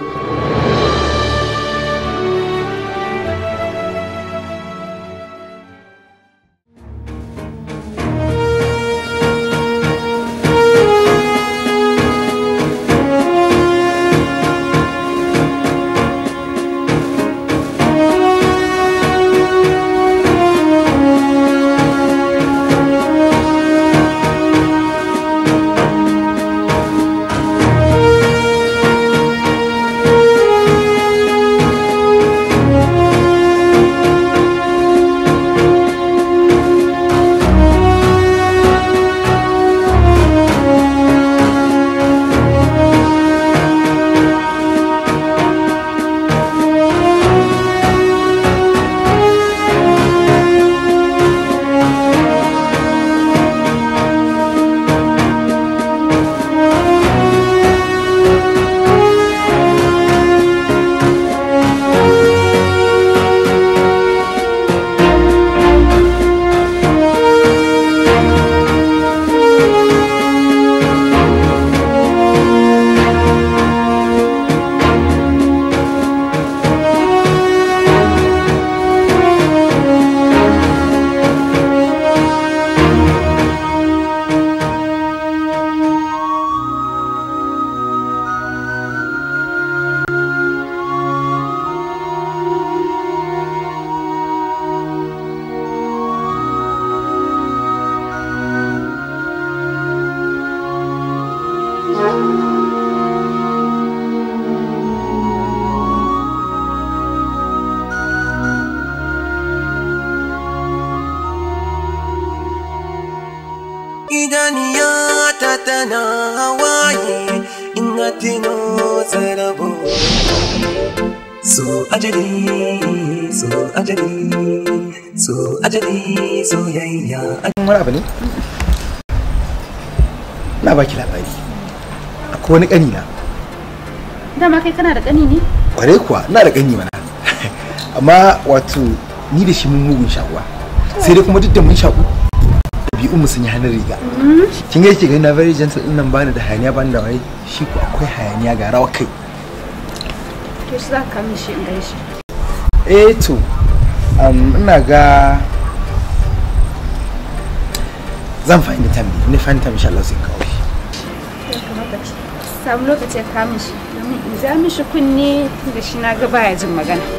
Thank you. latino zarabo so ajali so ajali so ajali soyayya wani abu ne na baki labari akwai wani kani na dama kai kana da kani ne kware kuwa ina da kani mana amma wato ni da shi mun mugun shaguwa sai dai kuma duk da mun shaku bi umu sun yi hannun riga kin ga ki ga na very gentle din nan bani da hayaniya bani da wai shi ko akwai hayaniya ga rawa kai to shi za ka mishi in gaishe eh to ina ga zan fahimta tambi ni fahimta insha Allah sai kawo shi samu lokaci ka kama shi domin in za mishi kunne da shi na ga baya jin magana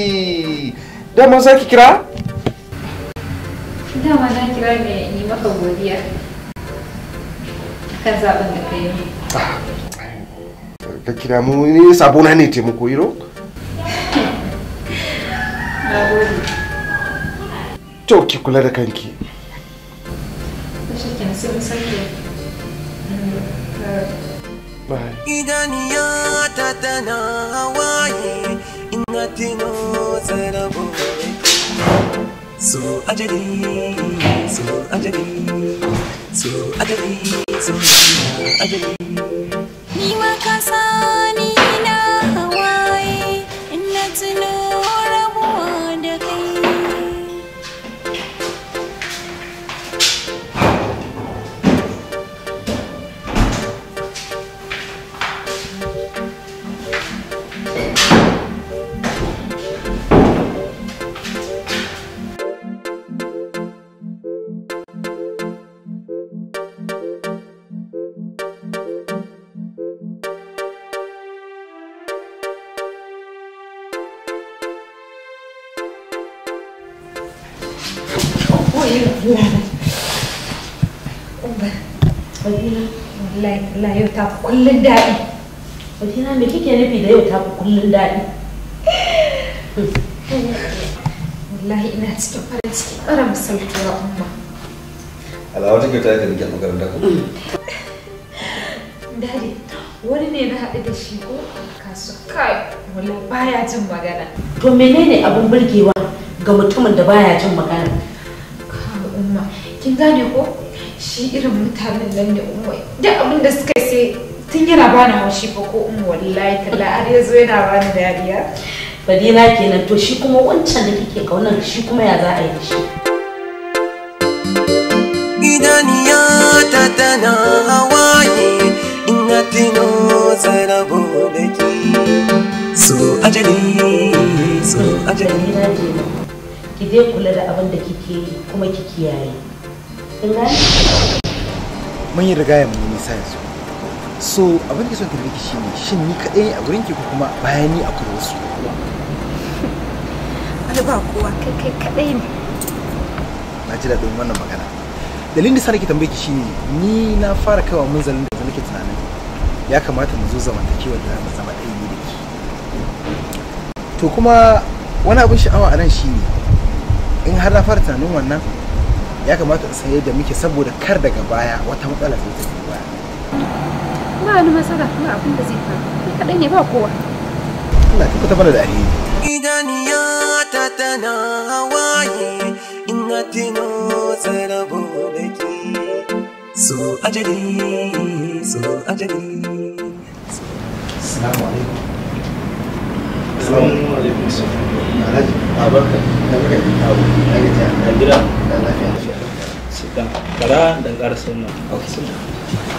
dama za ki kira? dama na kira ne yi maka godiya kan zaɓen da ka yi ah, ka kira mu ne sabona ne taimako iro? to ki kula da kanki idaniya ta tana hawaye ina tino zarabu so ajali so ajali so ajali so ajali ni ma ka na hawa kullun daɗi wajena me kike nufi da yau ta kullun daɗi wallahi ina cikin farin ciki ƙara wa umma alawa take ta yadda nake makaranta ku dadi wani ne na haɗu da shi ko kasu kai wala baya jin magana to menene abun burgewa ga mutumin da baya jin magana kawo umma kin gane ko shi irin mutanen nan ne umma da abin da suka sai tun yana bani haushi fa ko in wallahi talla har yazo yana bani dariya fadila kenan to shi kuma wancan da kike kaunar shi kuma ya za a yi shi idaniya ya tana hawaye ina tino zarabo da so ajali so ajali ki je kula da abin da kike yi kuma ki kiyaye mun yi rigaya mun nisa yanzu so abin da son ka rike shi ne shin ni kaɗai ne a gurin ki ko kuma bayani a kuma wasu kowa ba kowa kai kai kaɗai ne na ji daɗin wannan magana dalilin da sa nake tambaye ki shine ni na fara kaiwa zalin da nake tunanin ya kamata mu zo zamantakewa da mu zama ɗaya ne da ki to kuma wani abin sha'awa a nan shine in har na fara tunanin wannan ya kamata in san yadda muke saboda kar daga baya wata matsala zai ta baya ba wani matsala kuma abin da zai faru kai kaɗai ne ba kowa Allah ki kuta bana da ta tana hawaye ina tino zarabo da so ajali so ajali Assalamu alaikum Assalamu alaikum Alhaji Abarka na baka da abu na gida na da lafiya lafiya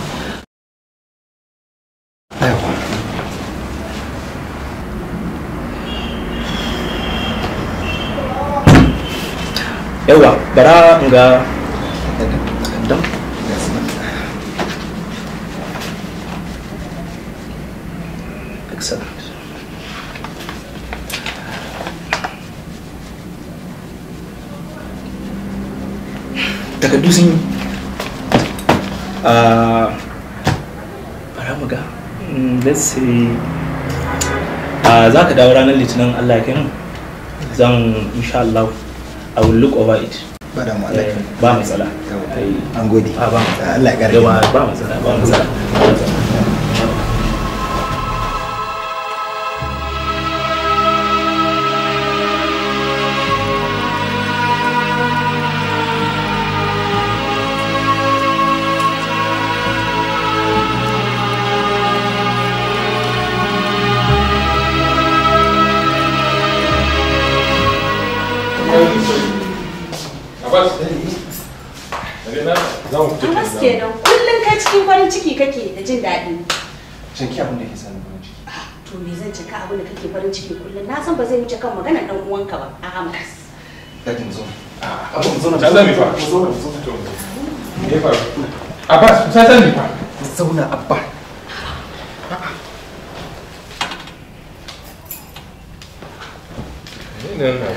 yawa bara nga excellent takardu ah, bara ga hmm, let's say ah, za ka dawo ranar litinin allah ya kai mu zan insha Allah I will look over it. Ba da eh, Ba matsala. An gode. Ah, ba matsala. Ba matsala. Ba matsala. ciki abin da ke sani farin ciki ah, to me zan cika abin da kake farin ciki kullum na san ba zai wuce kan magana dan uwanka ba ahmad dadin zo abin zo na zo mi fa zo na zo to me fa abbas ta san mi fa zauna abba ne na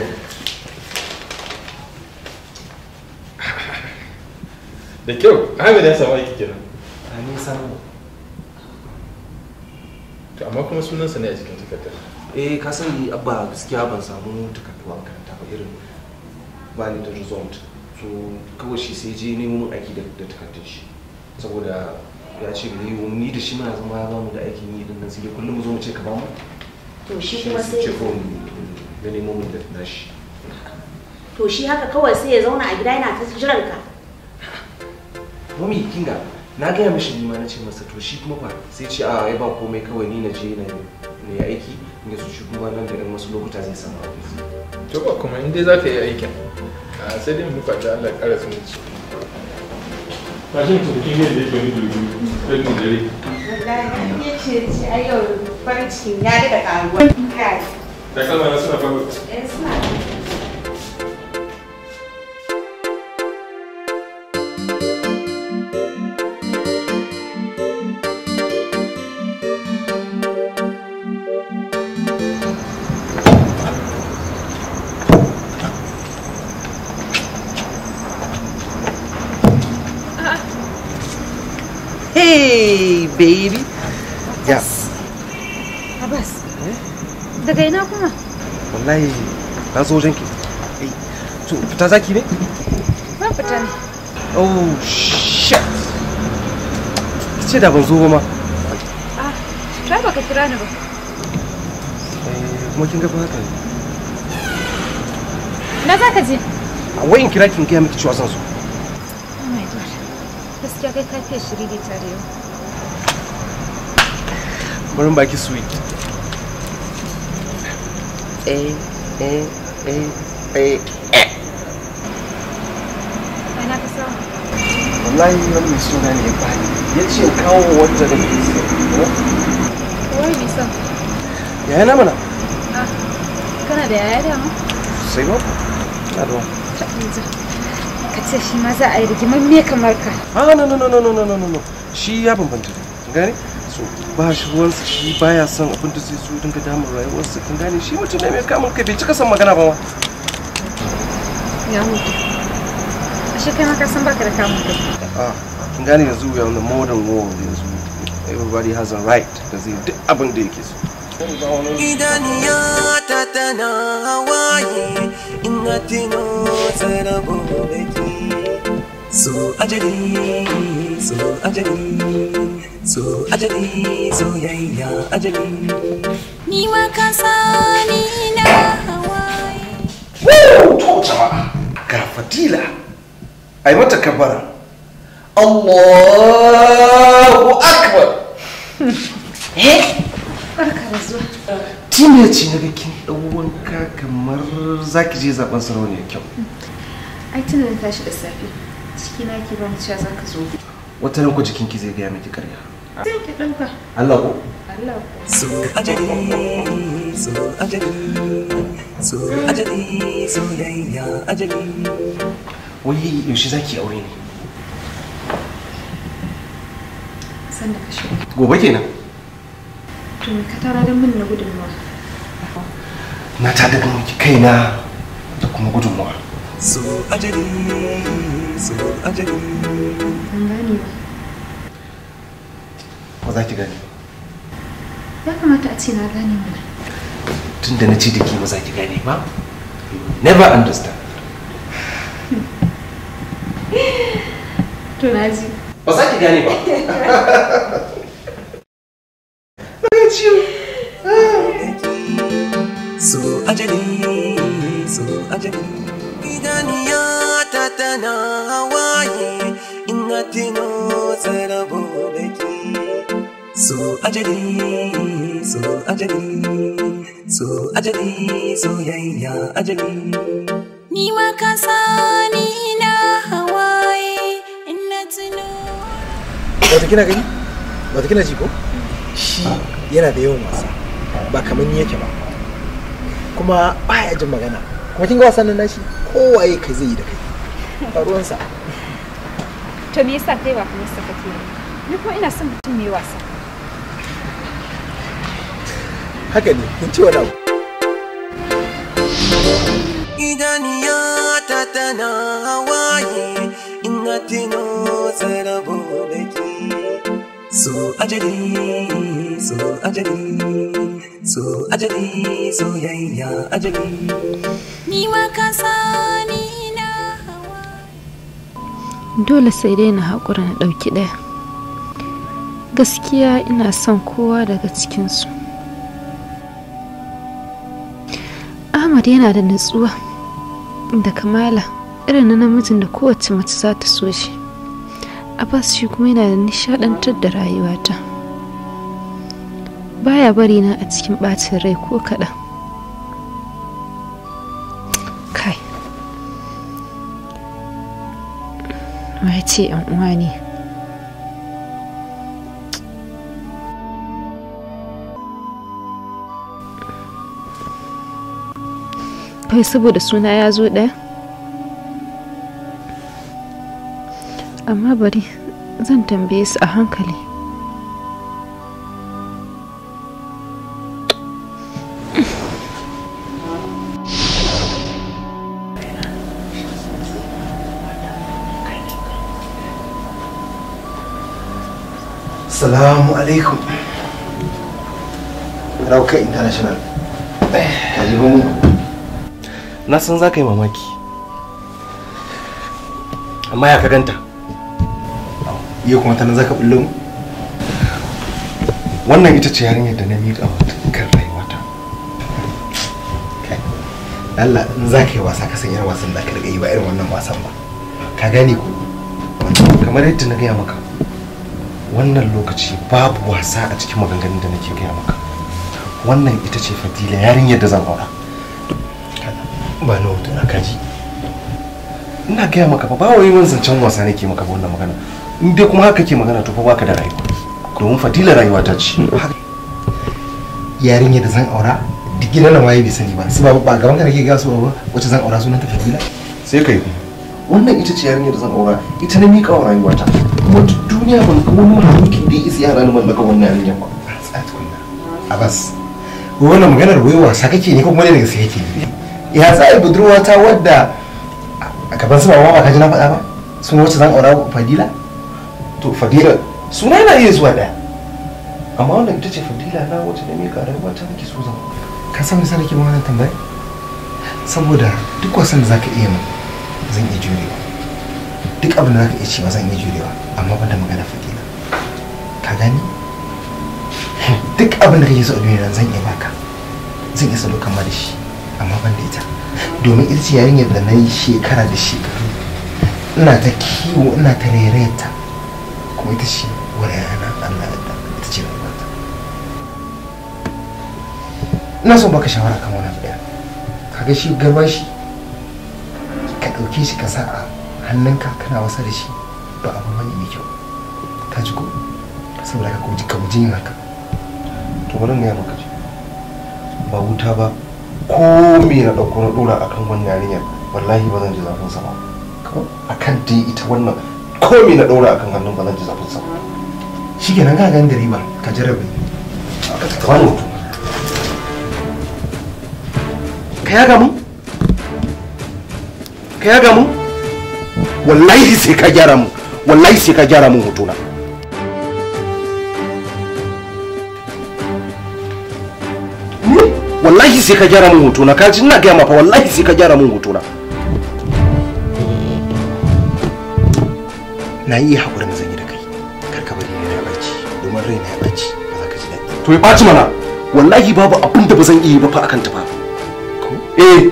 da kyau ahmed ya samu aiki kenan amma kuma sunansa ne a cikin takardar eh ka sani abba gaskiya ban samu takardar makaranta ba irin ba ni da result so kawai shi sai je nemo aiki da takardar shi saboda ya ce bai yiwu ni da shi muna zama ba mu da aikin yi din nan sai kullum zo mu ce ka ba mu to shi kuma sai ce ko ya nemo min da nashi to shi haka kawai sai ya zauna a gida yana ta jiran ka mami kinga na gaya mishi ni ma na ce masa to shi kuma ba sai ce a ai ba komai kawai ni na je na yi aiki in su shi kuma nan garin wasu lokuta zai samu aiki to ba kuma in dai za ka yi aikin sai dai mu fata Allah ya kara zumunci Fashin tukin yadda ya gani da don ni dare. Wallahi ya ce ce a yau farin ya daga karuwa. Da kalma na suna faruwa. Eh suna baby ya abbas hmm? daga ina kuma wallahi na zo wajen ki to fita zaki ne ba fita ne oh shit ce da ban zo ba ma ah ta ka kira ni ba eh, kuma kin ga ba haka ne Na za ka je? A wayin kira kin gaya miki cewa zan zo. Oh my god. Gaskiya kai ka fiye shiri da tare yau. bari baki sweet eh eh eh eh eh wallahi wani mai suna ne ba ya ce kawo wata da ke sai wani mai son yaya na mana ah, kana da yaya da mu sai ba na ruwa ka ce shi ma za a yi rigimar me kamar ka ah, no no no no no no no shi ya bambanta gani so ba shi ruwansa shi baya son abin da zai so dinga damun su kin gane shi mutum ne mai kamun kai bai cika san magana ba ma ya mutu ashe kai maka san baka da kamun kai a ah, kin gane yanzu we are the modern world yanzu everybody has a right da zai duk abin da yake so idaniya ta tana hawaye ina tino tsara gobe ki so ajali so ajali so ajali soyayya ajali ni ma ka sani na hawaye to jama'a ga fadila ai mata kabara Allahu akbar eh barka da zuwa tine ce na kin dan kamar zaki je zaben sarauniya kyau ai tunan tashi da safe cikina ke ba mu cewa zaka zo wata ranku jikinki zai gaya miki karya Sai Allah ko? Wai yaushe za ki aure ne? Gobe kenan. To ka tara don min na gudunmawa. Na ta daga miki kaina da kuma gudunmawa. So ajali, so ajali. gane ba. za ki gane ya kamata a ce na gane mana tun da na ce da ke ba za ki gane ba never understand to naji ba za ki gane ba na ci so ajali so ajali idan ya tatana hawaye ina tana so ajali so ajali so ajali so yayya ajali ni wa ka sani na hawaye inna na tuno wata kina gani wata kina ji ko shi ah. yana da yawan wasa ba kamar ni yake ba kuma baya jin magana kuma kin ga wasan nan nashi kowaye kai zai yi da kai faruwan sa to me yasa kai ba kuma saka ke ni ko ina son mutum mai wasa haka ne kin ci wani abu idaniya ta tana hawaye ina tino tsarabo da ke so ajali so ajali so ajali so soyayya ajali ni ma ka sani na dole sai dai na haƙura na ɗauki ɗaya gaskiya ina son kowa daga cikinsu ahmad yana da natsuwa da kamala irin na namijin da kowace mace za ta so shi abbas shi kuma yana da nishadantar da rayuwata baya bari na a cikin bacin rai ko kaɗan kai wace ce uwa ne kawai saboda suna ya zo ɗaya amma bari zan tambaye su a hankali salamu alaikum rauka international eh, na san za ka yi mamaki amma ya ka ganta iya kuma tana za ka bullo mu wannan ita ce yarinyar da na miƙa wa kan rayuwata Allah in za ka yi wasa ka san wasan da ka daga yi ba irin wannan wasan ba ka gane ku. kamar yadda na gaya maka wannan lokaci babu wasa a cikin maganganun da nake gaya maka wannan ita ce fadila yarinyar da zan aura ba na hotuna kaji ina gaya maka ba wai mun zancen wasa nake maka ba wannan magana in dai kuma haka ke magana to fa baka da rayuwa domin fadila rayuwa ta ce yarinya da zan aura duk na waye bai sani ba su ba ba gaban ka nake ga su ba wace zan aura sunan ta fadila sai kai wannan ita ce yarinya da zan aura ita na miƙa wa rayuwata kuma duk duniya ban ga wani mahaukin da ya isa yara ni mallaka wannan yarinya ba a Abas wannan maganar wai wasa kake ne ko kuma ne da gaske kake ne ya za a budurwa ta wadda a gaban su ba ka ji na faɗa ba suna wacce zan aura fadila to fadila suna na iya zuwa ɗaya amma wanda ita ce fadila na wacce da mai ƙarar wata nake so zan ka san me sarki ma wannan saboda duk wasan da zaka iya min zan iya jurewa duk abin da zaka iya cewa zan iya jurewa amma ban da magana fadila ka gani duk abin da kake so a duniya zan iya baka zan iya salo ma da shi amma ban da ita domin ita ce yarinyar da na yi shekara da shekaru ina ta kiwo ina ta rereta kuma ita ce wani yana Allah da ita ce na ta ina son baka shawara kan wani ɗaya kaga shi shi ka ɗauke shi ka sa a hannunka kana wasa da shi ba abu bane mai kyau ka ji ko saboda ka kuma ji ka mu ji haka to bari ne ya maka ba wuta ba ko me na ɗauko na ɗora akan wannan yarinyar wallahi ba zan ji zafin sa ba kan dai ita wannan ko me na ɗora akan hannun ba zan ji zafin sa ba shi ka gan gari ba ka jarabe ka wani mutum ka yaga mun wallahi sai ka gyara mu wallahi sai ka gyara mun hotuna wallahi sai ka gyara mun hotuna ka ji ina gaya ma wallahi sai ka gyara mun hotuna na yi haƙurin zan yi da kai kar ka bari na ɓaci domin rai na ɓaci ba za ka ji daɗi to ya ɓaci mana wallahi babu abin da ba zan iya ba fa akan ta fa eh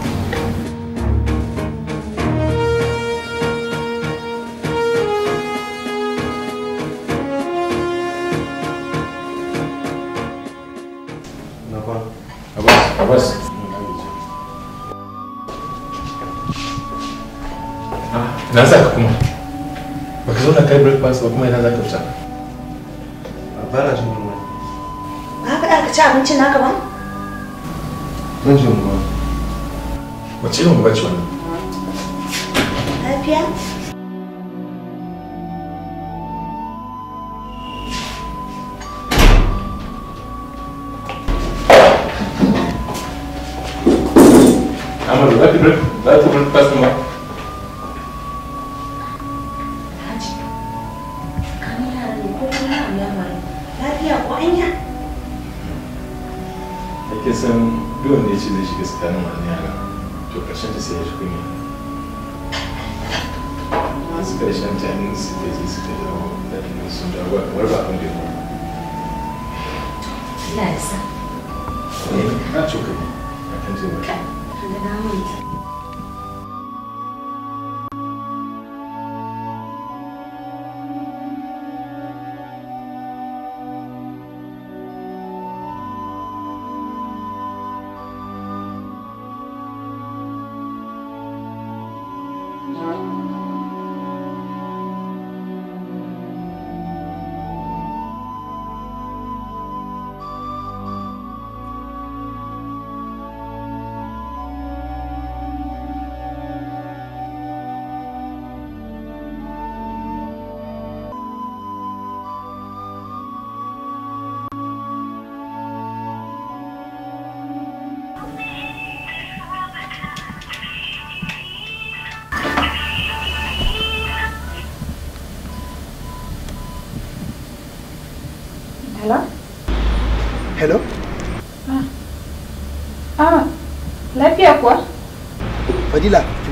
ba su kuma ina za ka fita ba na jin yunwa ba faɗa ka ci abincin naka ba ban jin yunwa wace yunwa ba ce wannan lafiya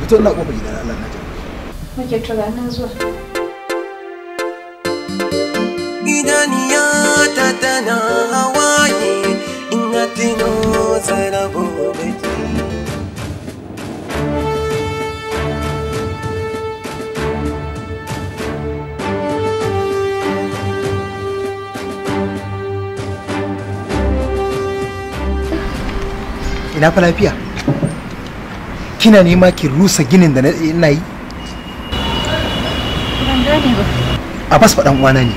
fito na kofar gidan Allah na ta muke tunanin zuwa idaniya ta tana hawaye ina tino zarabu da ina fa lafiya kina nema ki rusa ginin da na yi bas faɗan uwana ne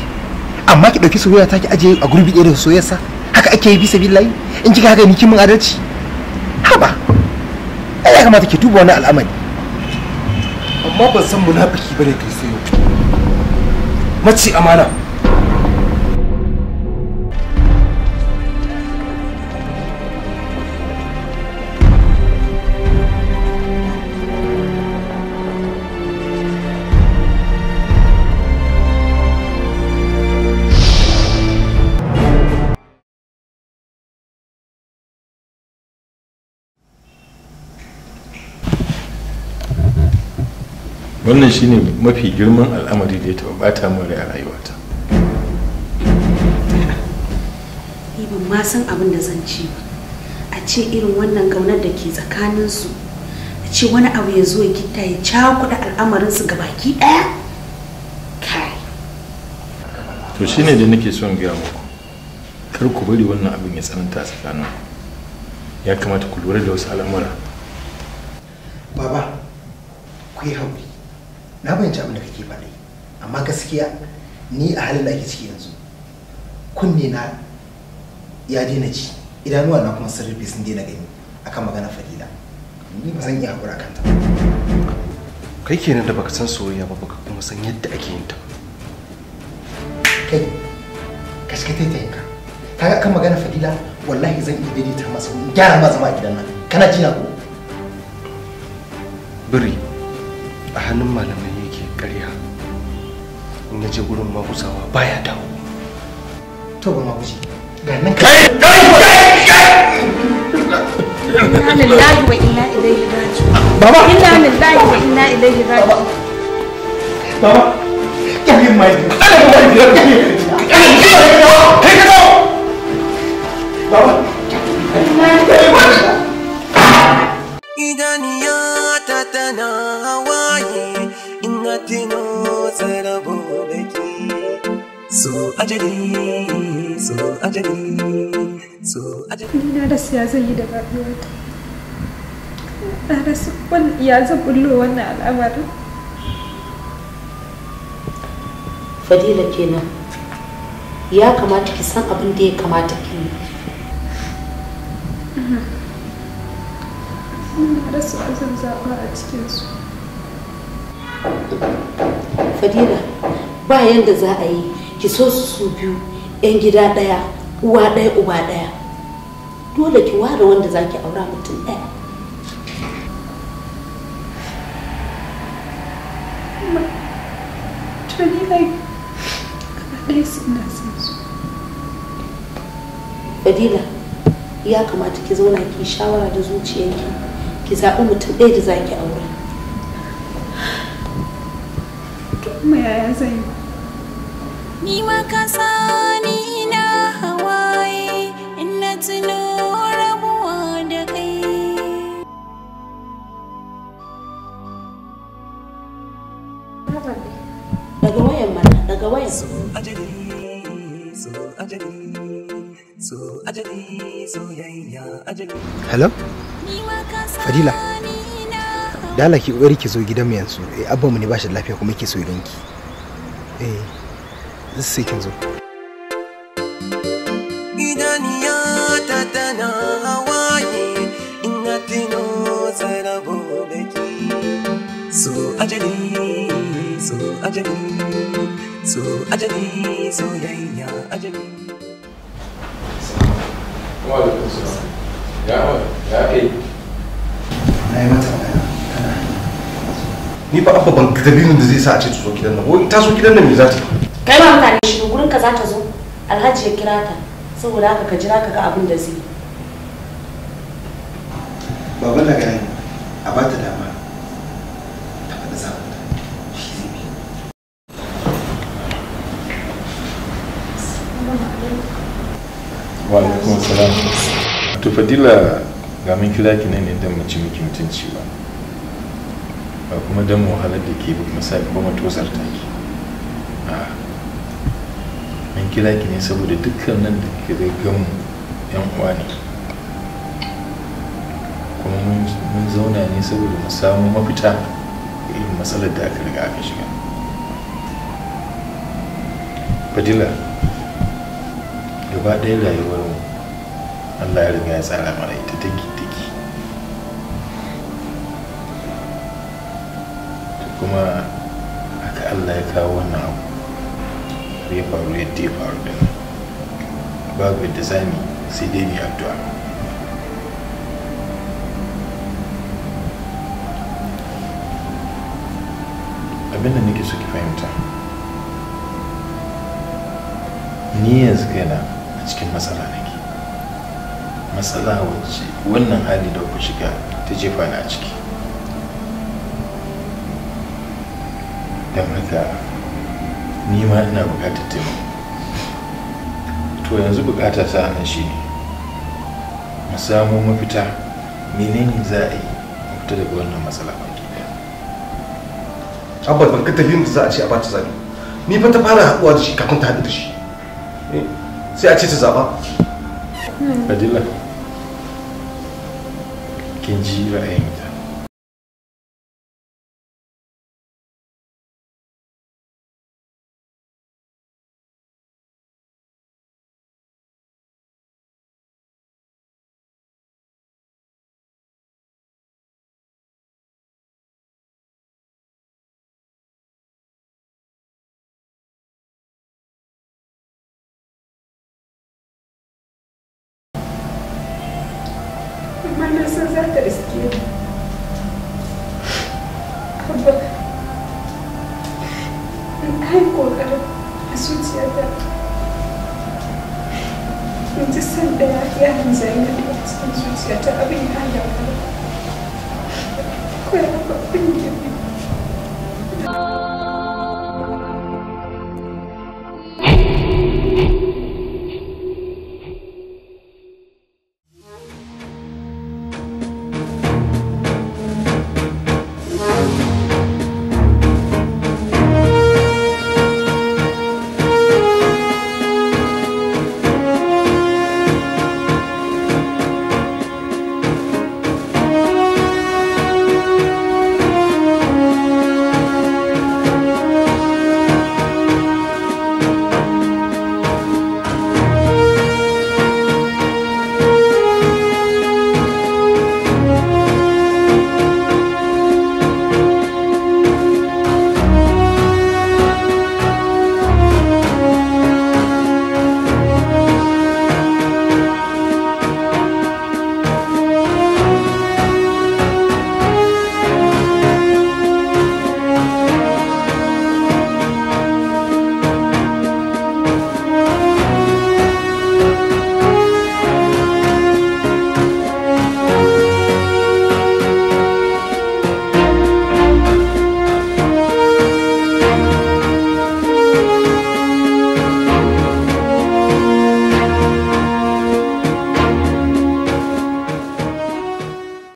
amma ki ɗauki soyayya ta ki aje a gurbi ɗaya da soyayya haka ake yi bisa billahi in kika haka ni kimin adalci haba ai ya kamata ki duba wani al'amari amma ban san munafiki bane kai sayo mace amana wannan shine mafi girman al'amari da ya taba bata ta rai a rayuwata ibin ma san abin da zan ci ba a ce irin wannan gaunar da ke tsakanin su a ce wani abu ya zo ya gitta ya al'amarin su ga baki daya kai to shine da nake son gaya muku kar ku bari wannan abin ya tsananta tsakanin ya kamata ku lura da wasu al'amura baba ku yi na fahimci abin da kake faɗi amma gaskiya ni a halin da ake ciki yanzu kunne na ya daina ci idanuwa na kuma sun rufe sun daina gani akan magana fadila ni ba zan iya haƙura kan ta kai kenan da baka san soyayya ba baka kuma san yadda ake yin ta kai kaske ta yanka kaga kan magana fadila wallahi zan iya daidaita masa gyara ma zama a gidan nan kana jina ko biri a hannun malamai ƙarya in na je gurin ba baya dawo to ba ma maguji ga nan kai kai inna lillahi wa inna ilaihi baba inna lillahi wa inna ilaihi raji'un baba kai mai Allah ya bari ka kai ka dawo baba idaniya ta tana tino tsarabo da so ajali so ajali so ajali na da siya zan yi da rayuwata na da su ya zan wannan al'amarin fadila kenan ya kamata ki san abin da ya kamata ki yi na da su a cikinsu fadila ba yanda za a yi ki so su biyu yan gida ɗaya uwa ɗaya uba ɗaya dole ki ware wanda za ki aura mutum ɗaya fadila ya kamata ki zauna ki shawara da zuciyarki ki zaɓi mutum ɗaya da za ki aura kuma yaya zan yi na hawaye in na da su hello fadila dala ki kokari ki zo gidan mu yanzu eh abban mu ne ba shi da lafiya kuma yake so ya ganki eh sai kin zo gidan ya ta hawaye in na tino zarabo da ki so ajali so ajali so ajali so yayya ajali kuma da kusa ya wa ya ke na yi mata ni ba abba ban dalilin da zai sa a ce ta zo gidan nan ko ta zo gidan nan me za ta yi. kai ma mutane shi gurin ka za ta zo alhaji ya kira ta saboda haka ka jira ka ga abin da zai baba na gani a ba ta dama ta faɗa ta wa alaikum salam to fadila ga min kira ki ne ne dan mace miki mutunci ba ba kuma don wahalar da ke ba kuma sa kuma tosar ta ke. an kira ki ne saboda dukkan nan da ke zai gamu yan uwa ne kuma mun zauna ne saboda mu samu mafita ga irin matsalar da aka riga aka shiga fadila gaba ɗaya rayuwar mu allah ya riga ya tsara mara ita take kuma aka allah ya kawo wannan abu ya faru yadda ya faru din babu yadda za sai dai mu addu'a abinda nake suke ki fahimta ni yanzu na a cikin matsala nake matsala wacce wannan hali da ku shiga ta jefa ni a ciki ya mata ni ma ina bukatar taimako to yanzu bukata sa an shi mu samu mafita menene za a yi mu fita daga wannan matsala ba abba ban ka tafi mu za a ce a bata zabi ni fa ta fara haɗuwa da shi kafin ta haɗu da shi eh, sai a ce ta zaba fadila kin ji ra'ayin that risky?